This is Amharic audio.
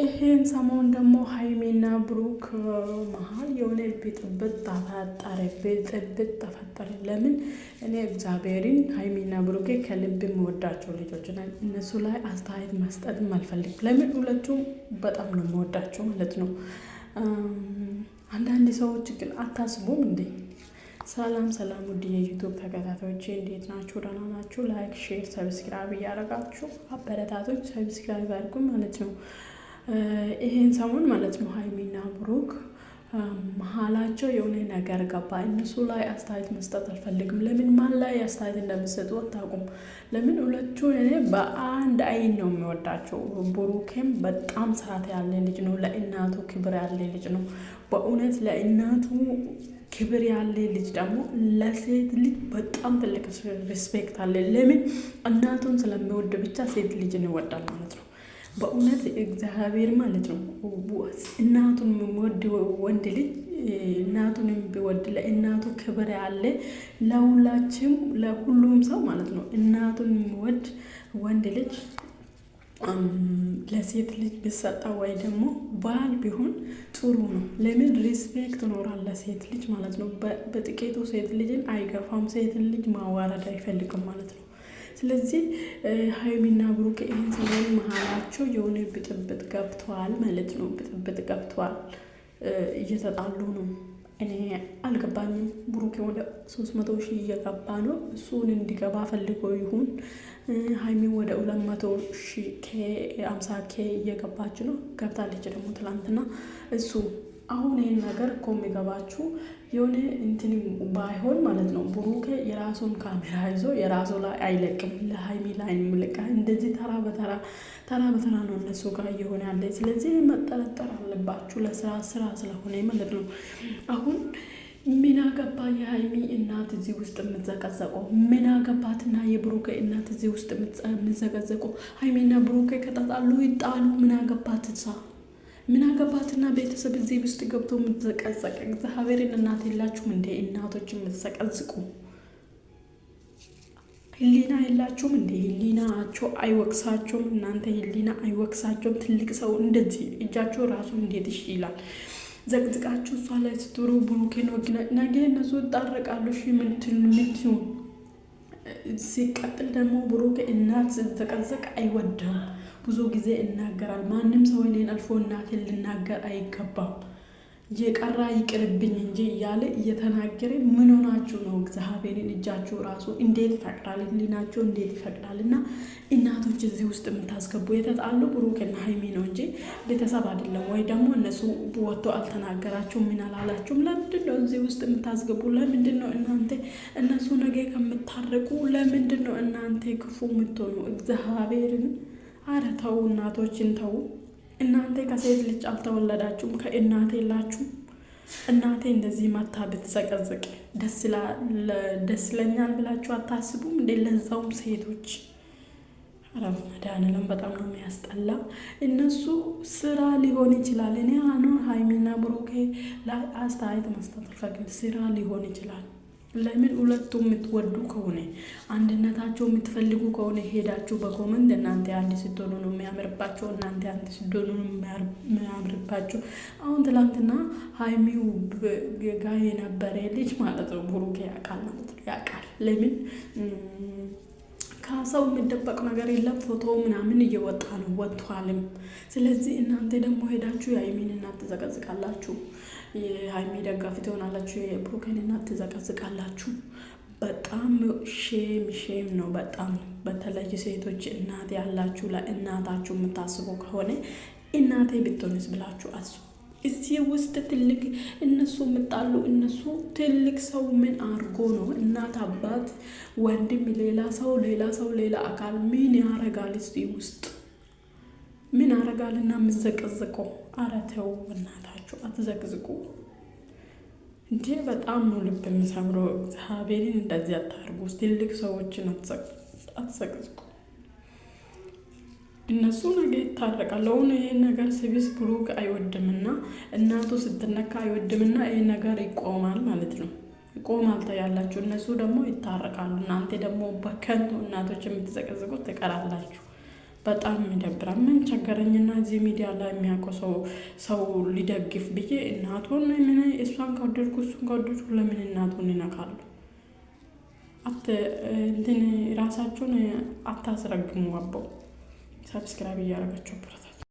ይሄን ሰሞን ደግሞ ሀይሜና ብሩክ መሀል የሆነ ብጥብጥ ተፈጠረ። ብጥብጥ ተፈጠረ። ለምን እኔ እግዚአብሔርን ሀይሜና ብሩኬ ከልብ የምወዳቸው ልጆች ና እነሱ ላይ አስተያየት መስጠት አልፈልግ። ለምን ሁለቱም በጣም ነው የምወዳቸው ማለት ነው። አንዳንድ ሰዎች ግን አታስቡም እንዴ? ሰላም ሰላም፣ ውድ የዩቱብ ተከታታዮች እንዴት ናችሁ? ደህና ናችሁ? ላይክ፣ ሼር፣ ሰብስክራይብ እያደረጋችሁ አበረታቶች ሰብስክራይብ አድርጉ ማለት ነው። ይሄን ሰሞን ማለት ነው ሀይሚና ብሩክ መሀላቸው የሆነ ነገር ገባ። እነሱ ላይ አስተያየት መስጠት አልፈልግም። ለምን ማን ላይ አስተያየት እንደምሰጡ አታውቁም። ለምን ሁለቱን እኔ በአንድ አይን ነው የሚወዳቸው። ብሩክም በጣም ስርዓት ያለ ልጅ ነው። ለእናቱ ክብር ያለ ልጅ ነው። በእውነት ለእናቱ ክብር ያለ ልጅ ደግሞ ለሴት ልጅ በጣም ትልቅ ሪስፔክት አለ። ለምን እናቱን ስለሚወድ ብቻ ሴት ልጅን ይወዳል ማለት ነው። በእውነት እግዚአብሔር ማለት ነው። እናቱን የሚወድ ወንድ ልጅ እናቱን ቢወድ ለእናቱ ክብር ያለ ለሁላችም ለሁሉም ሰው ማለት ነው። እናቱን የሚወድ ወንድ ልጅ ለሴት ልጅ ብሰጣ ወይ ደግሞ ባል ቢሆን ጥሩ ነው። ለምን ሪስፔክት ኖራል ለሴት ልጅ ማለት ነው። በጥቂቱ ሴት ልጅን አይገፋም። ሴትን ልጅ ማዋረድ አይፈልግም ማለት ነው። ስለዚህ ሀይሚና ብሩክ ይህን ሰሞን መሀላቸው የሆነ ብጥብጥ ገብተዋል ማለት ነው። ብጥብጥ ገብተዋል፣ እየተጣሉ ነው። እኔ አልገባኝም። ብሩክ ወደ ሶስት መቶ ሺህ እየገባ ነው። እሱን እንዲገባ ፈልጎ ይሁን ሀይሚ ወደ ሁለት መቶ ሺህ አምሳ ኬ እየገባች ነው ገብታለች ደግሞ ትላንትና እሱ አሁን ይህን ነገር እኮ የሚገባችሁ የሆነ እንትን ባይሆን ማለት ነው። ብሩኬ የራሱን ካሜራ ይዞ የራሱ ላይ አይለቅም፣ ለሀይሚ ላይ የሚለቅ እንደዚህ ተራ በተራ ተራ በተራ ነው እነሱ ጋር እየሆነ ያለ። ስለዚህ መጠረጠር አለባችሁ ለስራ ስራ ስለሆነ ማለት ነው። አሁን ምን አገባ የሀይሚ እናት እዚህ ውስጥ የምትዘቀዘቀው? ምን አገባትና የብሩኬ እናት እዚህ ውስጥ የምትዘቀዘቀው? ሀይሚና ብሩኬ ከጣጣሉ ይጣሉ፣ ምን አገባት? ምን አገባትና ቤተሰብ እዚህ ውስጥ ገብቶ የምትዘቀዘቀ እግዚአብሔርን እናት የላችሁም እንዴ? እናቶች የምትዘቀዝቁ ህሊና የላችሁም እንደ ህሊናቸው አይወቅሳቸውም? እናንተ ህሊና አይወቅሳቸውም? ትልቅ ሰው እንደዚህ እጃቸው ራሱ እንዴት እሺ ይላል? ዘቅዝቃችሁ እሷ ላይ ስትሩ ብሩኬን ወግና ነገ እነሱ ይጣረቃሉ። እሺ ምንትን ሲቀጥል ደግሞ ብሩኬ እናት ስትዘቀዘቅ አይወደም። ብዙ ጊዜ እናገራል ማንም ሰው እኔን አልፎ እናቴን ልናገር አይገባም የቀራ ይቅርብኝ እንጂ እያለ እየተናገረ ምን ሆናችሁ ነው? እግዚአብሔርን እጃችሁ ራሱ እንዴት ይፈቅዳል? ህሊናችሁ እንዴት ይፈቅዳል? እና እናቶች እዚህ ውስጥ የምታስገቡ የተጣሉ ብሩክና ሀይሚ ነው እንጂ ቤተሰብ አይደለም። ወይ ደግሞ እነሱ ወጥቶ አልተናገራችሁም፣ ምን አላላችሁም። ለምንድን ነው እዚህ ውስጥ የምታስገቡ? ለምንድን ነው እናንተ እነሱ ነገ ከምታረቁ፣ ለምንድን ነው እናንተ ክፉ የምትሆኑ? እግዚአብሔርን አረ ተው እናቶችን ተው። እናንተ ከሴት ልጅ አልተወለዳችሁም፣ ከእናቴ የላችሁም። እናቴ እንደዚህ ማታ ብትዘቀዝቅ ደስ ለኛል ብላችሁ አታስቡም እንደ ለዛውም ሴቶች አረብ መድኃኒዓለም በጣም ነው የሚያስጠላ። እነሱ ስራ ሊሆን ይችላል። እኔ አሁን ሀይሚና ብሩኬ ላይ አስተያየት መስጠት አልፈቅም። ስራ ሊሆን ይችላል ለምን ሁለቱ የምትወዱ ከሆነ አንድነታቸው የምትፈልጉ ከሆነ ሄዳችሁ በኮመንት እናንተ አንድ ስትሆኑ ነው የሚያምርባቸው፣ እናንተ አንድ ስትሆኑ ነው የሚያምርባቸው። አሁን ትላንትና ሀይሚው ጋ የነበረ ልጅ ማለት ነው ብሩክ ያውቃል ማለት ነው ያውቃል ለምን ከሰው የሚደበቅ ነገር የለም። ፎቶ ምናምን እየወጣ ነው ወጥቷልም። ስለዚህ እናንተ ደግሞ ሄዳችሁ የሀይሚን እናት ትዘቀዝቃላችሁ፣ የሀይሚ ደጋፊ ትሆናላችሁ፣ የብሩኬን እናት ትዘቀዝቃላችሁ። በጣም ሼም ሼም ነው። በጣም በተለይ ሴቶች እናት ያላችሁ ለእናታችሁ የምታስቡ ከሆነ እናቴ ብትሆንስ ብላችሁ አስቡ። እዚህ ውስጥ ትልቅ እነሱ የምጣሉ እነሱ ትልቅ ሰው ምን አድርጎ ነው? እናት አባት፣ ወንድም፣ ሌላ ሰው ሌላ ሰው ሌላ አካል ምን ያረጋል? እዚህ ውስጥ ምን አረጋል? እና የምዘቀዝቀው ኧረ ተው እናታችሁ አትዘቅዝቁ እንጂ በጣም ነው ልብ የምሰምረው። እግዚአብሔርን እንደዚህ አታርጉ። ትልቅ ሰዎችን አትዘቅዝቁ። እነሱ ነገ ይታረቃል። አሁን ይህ ነገር ሲብስ ብሩክ አይወድምና እናቱ ስትነካ አይወድምና ይህ ነገር ይቆማል ማለት ነው። ይቆማል ታያላችሁ። እነሱ ደግሞ ይታረቃሉ። እናንተ ደግሞ በከንቱ እናቶች የምትዘቀዝቁት ትቀራላችሁ። በጣም ይደብራል። ምን ቸገረኝና እዚህ ሚዲያ ላይ የሚያውቀው ሰው ሰው ሊደግፍ ብዬ እናቱን ምን እሷን ከወደድኩ እሱን ከወደድኩ ለምን እናቱን ይነካሉ? እንትን ራሳችሁን አታስረግሙ አበው ¿Sabes que La vi y ahora